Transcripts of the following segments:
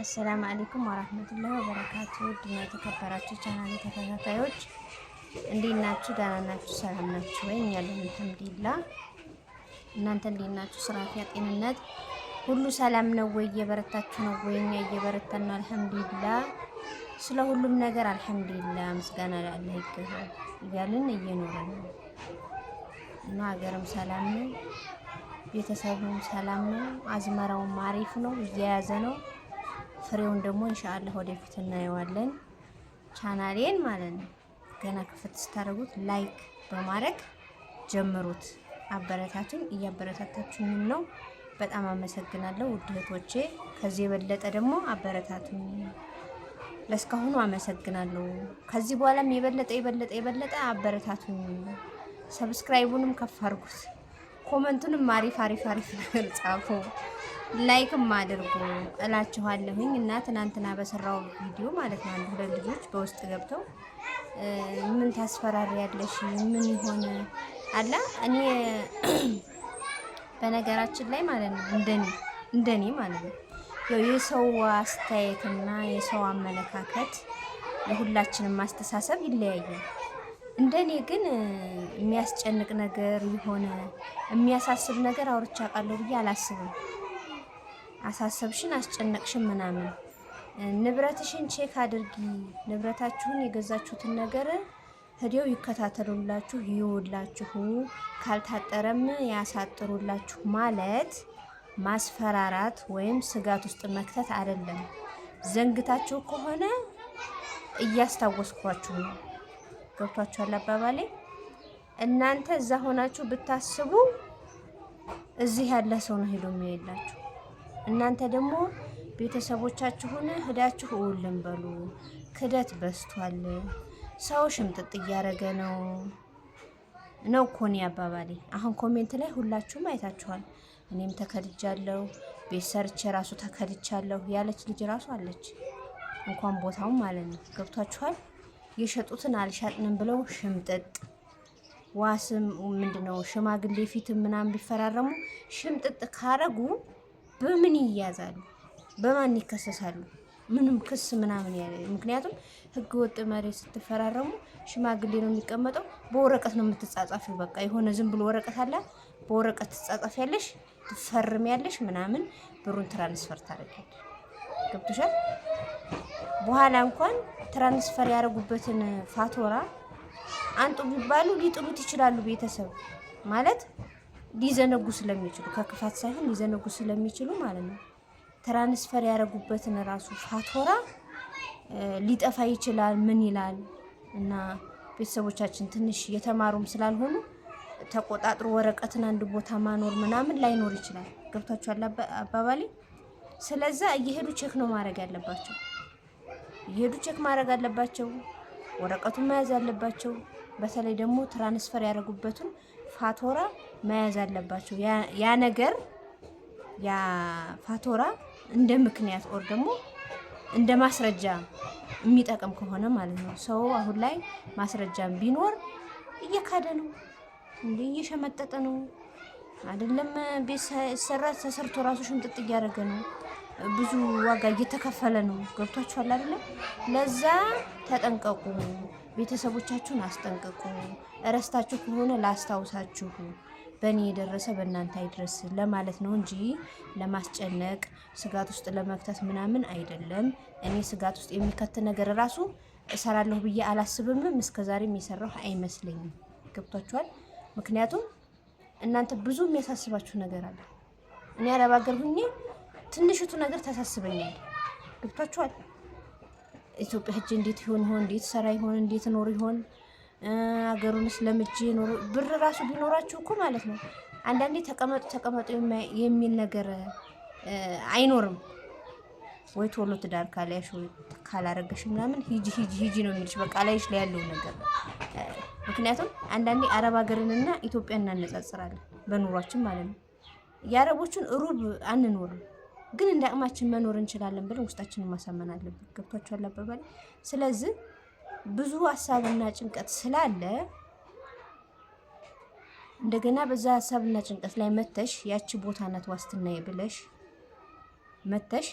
አሰላም አለይኩም ወራህመቱላሂ ወበረካቱ። ድና የተከበራችሁ ቻናል ተከታታዮች እንዴት ናችሁ? ደህና ናችሁ? ሰላም ናችሁ ወይ? ያለን አልሐምዱሊላህ። እናንተ እንዴት ናችሁ? ስራ፣ ጤንነት ሁሉ ሰላም ነው ወይ? እየበረታችሁ ነው ወይ? እኛ እየበረታን ነው አልሐምዱሊላህ። ስለ ሁሉም ነገር አልሐምዱሊላህ ምስጋና ለአላህ ይገባል እያልን እየኖርን ነው እና ሀገርም ሰላም ነው፣ ቤተሰብም ሰላም ነው፣ አዝመራውም አሪፍ ነው፣ እየያዘ ነው። ፍሬውን ደግሞ እንሻአላህ ወደፊት እናየዋለን። ቻናሌን ማለት ነው ገና ክፍት ስታደርጉት ላይክ በማድረግ ጀምሩት። አበረታችን እያበረታታችሁንም ነው። በጣም አመሰግናለሁ ውድህቶቼ። ከዚህ የበለጠ ደግሞ አበረታቱን። ለእስካሁኑ አመሰግናለሁ። ከዚህ በኋላም የበለጠ የበለጠ የበለጠ አበረታቱን። ሰብስክራይቡንም ከፍ አድርጉት። ኮመንቱንም አሪፍ አሪፍ አሪፍ ነገር ጻፉ፣ ላይክም አድርጉ እላችኋለሁኝ። እና ትናንትና በሰራው ቪዲዮ ማለት ነው አንድ ሁለት ልጆች በውስጥ ገብተው ምን ያለሽ ምን ይሆን አለ። እኔ በነገራችን ላይ ማለት ነው እንደኔ እንደኔ ማለት ነው ያው የሰው አስተያየትና የሰው አመለካከት የሁላችንም አስተሳሰብ ይለያያል። እንደኔ ግን የሚያስጨንቅ ነገር የሆነ የሚያሳስብ ነገር አውርቻ ቃለሁ ብዬ አላስብም። አሳሰብሽን አስጨነቅሽን ምናምን ንብረትሽን ቼክ አድርጊ። ንብረታችሁን የገዛችሁትን ነገር ህዲው ይከታተሉላችሁ፣ ይውላችሁ፣ ካልታጠረም ያሳጥሩላችሁ ማለት ማስፈራራት ወይም ስጋት ውስጥ መክተት አይደለም። ዘንግታችሁ ከሆነ እያስታወስኳችሁ ነው። ገብቷችኋል አባባሌ? እናንተ እዛ ሆናችሁ ብታስቡ እዚህ ያለ ሰው ነው ሄዶ የሚያይላችሁ። እናንተ ደግሞ ቤተሰቦቻችሁን ሂዳችሁ እውልን በሉ። ክደት በስቷል፣ ሰው ሽምጥጥ እያደረገ ነው ነው ኮኒ አባባሌ። አሁን ኮሜንት ላይ ሁላችሁም አይታችኋል። እኔም ተከድጃለሁ፣ ቤት ሰርቼ ራሱ ተከድቻለሁ ያለች ልጅ ራሱ አለች። እንኳን ቦታውም ማለት ነው ገብቷችኋል። የሸጡትን አልሻጥንም ብለው ሽምጥጥ ዋስም ምንድነው ሽማግሌ ፊትም ምናምን ቢፈራረሙ ሽምጥጥ ካረጉ በምን ይያዛሉ? በማን ይከሰሳሉ? ምንም ክስ ምናምን ያለ ምክንያቱም ህገ ወጥ መሬት ስትፈራረሙ ሽማግሌ ነው የሚቀመጠው። በወረቀት ነው የምትጻጻፊ። በቃ የሆነ ዝም ብሎ ወረቀት አለ። በወረቀት ትጻጻፊ ያለሽ ትፈርም ያለሽ ምናምን ብሩን ትራንስፈር ታደርጊያለሽ። ገብቶሻል? በኋላ እንኳን ትራንስፈር ያደረጉበትን ፋቶራ አንጡ ቢባሉ ሊጥሉት ይችላሉ። ቤተሰብ ማለት ሊዘነጉ ስለሚችሉ ከክፋት ሳይሆን ሊዘነጉ ስለሚችሉ ማለት ነው። ትራንስፈር ያደረጉበትን ራሱ ፋቶራ ሊጠፋ ይችላል። ምን ይላል እና ቤተሰቦቻችን ትንሽ የተማሩም ስላልሆኑ ተቆጣጥሮ ወረቀትን አንድ ቦታ ማኖር ምናምን ላይኖር ይችላል። ገብታችሁ አባባሌ። ስለዛ እየሄዱ ቼክ ነው ማድረግ ያለባቸው። እየሄዱ ቼክ ማድረግ አለባቸው። ወረቀቱን መያዝ አለባቸው። በተለይ ደግሞ ትራንስፈር ያደረጉበትን ፋቶራ መያዝ አለባቸው። ያ ነገር ያ ፋቶራ እንደ ምክንያት ኦር ደግሞ እንደ ማስረጃ የሚጠቅም ከሆነ ማለት ነው። ሰው አሁን ላይ ማስረጃ ቢኖር እየካደ ነው እንዴ እየሸመጠጠ ነው አይደለም። ቤት ሰራ ተሰርቶ ራሱ ሽምጥጥ እያደረገ ነው። ብዙ ዋጋ እየተከፈለ ነው። ገብቷችኋል አይደለም? ለዛ ተጠንቀቁ፣ ቤተሰቦቻችሁን አስጠንቀቁ። እረስታችሁ ከሆነ ላስታውሳችሁ፣ በእኔ የደረሰ በእናንተ አይድረስ ለማለት ነው እንጂ ለማስጨነቅ ስጋት ውስጥ ለመክተት ምናምን አይደለም። እኔ ስጋት ውስጥ የሚከት ነገር ራሱ እሰራለሁ ብዬ አላስብምም። እስከዛሬም የሰራሁ አይመስለኝም። ገብቷችኋል? ምክንያቱም እናንተ ብዙ የሚያሳስባችሁ ነገር አለ። እኔ አረብ አገር ሁኜ ትንሽቱ ነገር ተሳስበኛል። ገብቷችኋል? ኢትዮጵያ ህጅ እንዴት ይሆን ይሆን እንዴት ሰራ ይሆን እንዴት ኖር ይሆን አገሩንስ ለምጄ ኖር ብር ራሱ ቢኖራችሁ እኮ ማለት ነው አንዳንዴ ተቀመጡ ተቀመጡ የሚል ነገር አይኖርም ወይ ቶሎ ትዳር ካልያሽ ወይ ካላረገሽ ምናምን ሂጂ ሂጂ ሂጂ ነው የሚልሽ። በቃ ላይሽ ላይ ያለው ነገር ምክንያቱም አንዳንዴ አረብ ሀገርንና ኢትዮጵያን እናነጻጽራለን በኑሯችን ማለት ነው። የአረቦቹን ሩብ አንኖርም። ግን እንደ አቅማችን መኖር እንችላለን ብለን ውስጣችንን ማሳመን አለብን። ገብቷችኋል አባባል። ስለዚህ ብዙ ሀሳብና ጭንቀት ስላለ እንደገና በዛ ሀሳብና ጭንቀት ላይ መተሽ ያቺ ቦታ ናት ዋስትናዬ ብለሽ መተሽ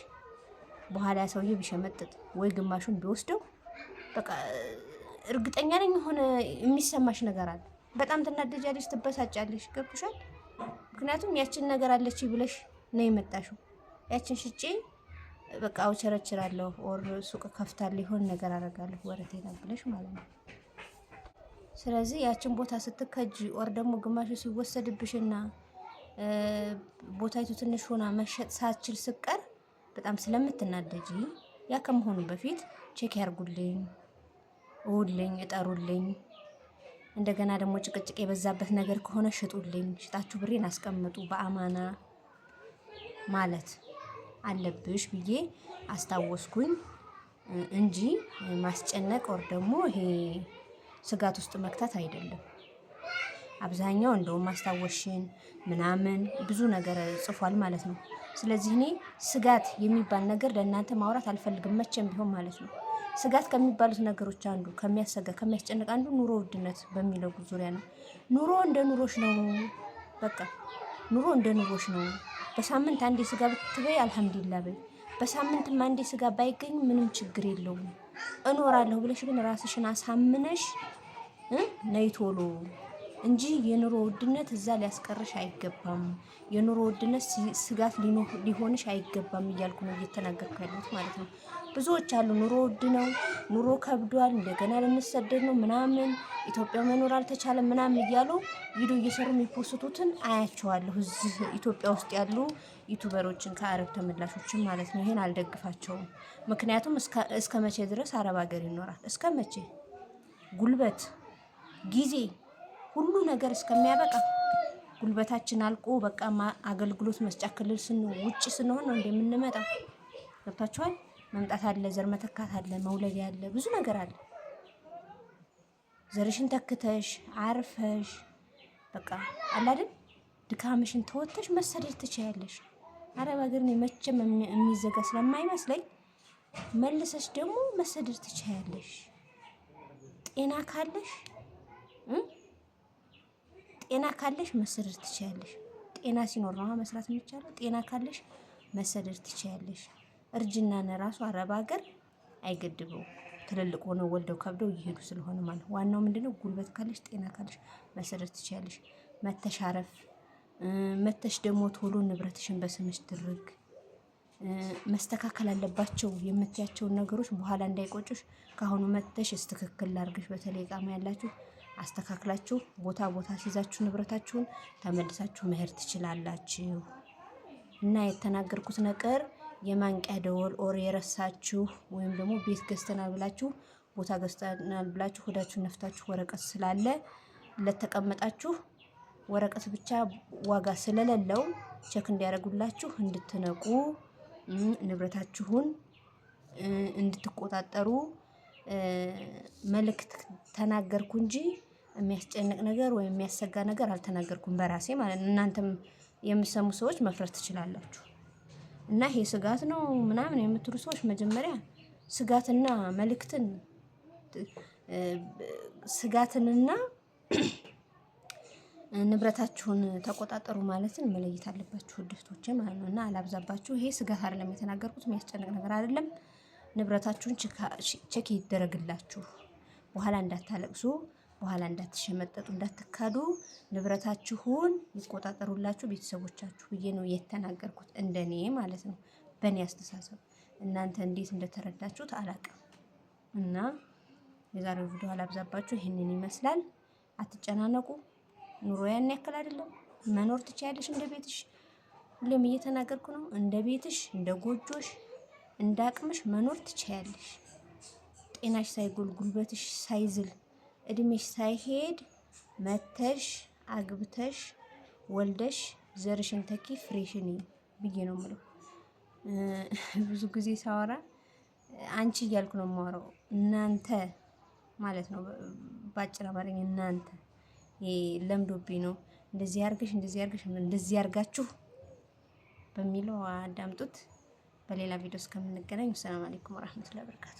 በኋላ ሰውዬ ቢሸመጥጥ ወይ ግማሹን ቢወስደው በቃ እርግጠኛ ነኝ የሆነ የሚሰማሽ ነገር አለ። በጣም ትናደጃለሽ፣ ትበሳጫለሽ። ገብቶሻል? ምክንያቱም ያችን ነገር አለች ብለሽ ነው የመጣሽው። ያችን ሽጬ በቃ አውቸረችራለሁ ኦር ሱቅ ከፍታለሁ ይሆን ነገር አደርጋለሁ ወረቴ ነው ብለሽ ማለት ነው። ስለዚህ ያችን ቦታ ስትከጅ ኦር ደግሞ ግማሽ ሲወሰድብሽና ቦታይቱ ትንሽ ሆና መሸጥ ሳችል ስቀር በጣም ስለምትናደጂ ያ ከመሆኑ በፊት ቼክ ያርጉልኝ፣ እውልኝ፣ እጠሩልኝ። እንደገና ደግሞ ጭቅጭቅ የበዛበት ነገር ከሆነ ሽጡልኝ፣ ሽጣችሁ ብሬን አስቀምጡ በአማና ማለት አለብሽ ብዬ አስታወስኩኝ እንጂ ማስጨነቅ ወር ደግሞ ይሄ ስጋት ውስጥ መክታት አይደለም። አብዛኛው እንደውም ማስታወሽን ምናምን ብዙ ነገር ጽፏል ማለት ነው። ስለዚህ እኔ ስጋት የሚባል ነገር ለእናንተ ማውራት አልፈልግም መቼም ቢሆን ማለት ነው። ስጋት ከሚባሉት ነገሮች አንዱ ከሚያሰጋ ከሚያስጨንቅ አንዱ ኑሮ ውድነት በሚለው ዙሪያ ነው። ኑሮ እንደ ኑሮች ነው። በቃ ኑሮ እንደ ኑሮሽ ነው። በሳምንት አንዴ ስጋ ብትበይ አልሐምዱሊላ በይ። በሳምንትም አንዴ ስጋ ባይገኝ ምንም ችግር የለውም እኖራለሁ ብለሽ ግን ራስሽን አሳምነሽ ነይቶሎ እንጂ የኑሮ ውድነት እዛ ሊያስቀርሽ አይገባም። የኑሮ ውድነት ስጋት ሊሆንሽ አይገባም እያልኩ ነው እየተናገርኩ ያሉት ማለት ነው። ብዙዎች አሉ ኑሮ ውድ ነው፣ ኑሮ ከብዷል፣ እንደገና ልንሰደድ ነው ምናምን፣ ኢትዮጵያ መኖር አልተቻለም ምናምን እያሉ ቪዲዮ እየሰሩ የሚፖስቱትን አያቸዋለሁ። እዚህ ኢትዮጵያ ውስጥ ያሉ ዩቱበሮችን ከአረብ ተመላሾችን ማለት ነው። ይሄን አልደግፋቸውም። ምክንያቱም እስከ መቼ ድረስ አረብ ሀገር ይኖራል? እስከ መቼ ጉልበት ጊዜ ሁሉ ነገር እስከሚያበቃ ጉልበታችን አልቆ በቃ አገልግሎት መስጫ ክልል ውጭ ስንሆን ነው እንደምንመጣው። ገብታችኋል? መምጣት አለ፣ ዘር መተካት አለ፣ መውለድ ያለ ብዙ ነገር አለ። ዘርሽን ተክተሽ አርፈሽ በቃ አላደል ድካምሽን ተወተሽ መሰደድ ትችያለሽ። አረብ ሀገር እኔ መቼም የሚዘጋ ስለማይመስለኝ መልሰሽ ደግሞ መሰደድ ትችያለሽ ጤና ካለሽ ጤና ካለሽ መሰደድ ትችያለሽ። ጤና ሲኖር ነው መስራት የሚቻለው። ጤና ካለሽ መሰደድ ትችያለሽ። እርጅናን ራሱ አረብ ሀገር አይገድበው። ትልልቅ ሆነው ወልደው ከብደው እየሄዱ ስለሆነ ማለት ዋናው ምንድነው? ጉልበት ካለሽ ጤና ካለሽ መሰደድ ትችያለሽ። መተሻረፍ መተሽ ደግሞ ቶሎ ንብረትሽን በስምሽ ድርግ መስተካከል አለባቸው የምትያቸውን ነገሮች በኋላ እንዳይቆጩሽ ከአሁኑ መተሽ እስትክክል ላርግሽ። በተለይ ቃማ ያላችሁ አስተካክላችሁ ቦታ ቦታ ሲይዛችሁ ንብረታችሁን ተመልሳችሁ መሄድ ትችላላችሁ። እና የተናገርኩት ነገር የማንቂያ ደወል ኦር የረሳችሁ ወይም ደግሞ ቤት ገዝተናል ብላችሁ ቦታ ገዝተናል ብላችሁ ሆዳችሁን ነፍታችሁ ወረቀት ስላለ ለተቀመጣችሁ ወረቀት ብቻ ዋጋ ስለሌለው ቸክ እንዲያደርጉላችሁ እንድትነቁ ንብረታችሁን እንድትቆጣጠሩ መልእክት ተናገርኩ እንጂ የሚያስጨንቅ ነገር ወይም የሚያሰጋ ነገር አልተናገርኩም። በራሴ ማለት ነው። እናንተም የምትሰሙ ሰዎች መፍረት ትችላላችሁ። እና ይሄ ስጋት ነው ምናምን የምትሉ ሰዎች መጀመሪያ ስጋትና መልእክትን ስጋትንና ንብረታችሁን ተቆጣጠሩ ማለትን መለየት አለባችሁ። ድፍቶቼ ማለት ነው። እና አላብዛባችሁ። ይሄ ስጋት አይደለም የተናገርኩት፣ የሚያስጨንቅ ነገር አይደለም። ንብረታችሁን ቼክ ይደረግላችሁ። በኋላ እንዳታለቅሱ፣ በኋላ እንዳትሸመጠጡ፣ እንዳትካዱ ንብረታችሁን ይቆጣጠሩላችሁ ቤተሰቦቻችሁ ብዬ ነው የተናገርኩት። እንደኔ ማለት ነው፣ በእኔ አስተሳሰብ። እናንተ እንዴት እንደተረዳችሁት አላቅም እና የዛሬው ቪዲዮ አላብዛባችሁ፣ ይህንን ይመስላል። አትጨናነቁ። ኑሮ ያን ያክል አይደለም። መኖር ትችያለሽ እንደ ቤትሽ። ሁሌም እየተናገርኩ ነው። እንደ ቤትሽ፣ እንደ ጎጆሽ እንደ አቅምሽ መኖር ትችያለሽ። ጤናሽ ሳይጎል ጉልበትሽ ሳይዝል እድሜሽ ሳይሄድ መተሽ አግብተሽ ወልደሽ ዘርሽን ተኪ ፍሬሽን ብዬ ነው የምለው። ብዙ ጊዜ ሳወራ አንቺ እያልኩ ነው የማወራው፣ እናንተ ማለት ነው። በአጭር አማርኛ እናንተ ለምዶብኝ ነው እንደዚህ አርገሽ እንደዚህ አርገሽ እንደዚህ አርጋችሁ በሚለው አዳምጡት። በሌላ ቪዲዮ እስከምንገናኝ ሰላም አለይኩም ወራህመቱላሂ ወበረካቱ።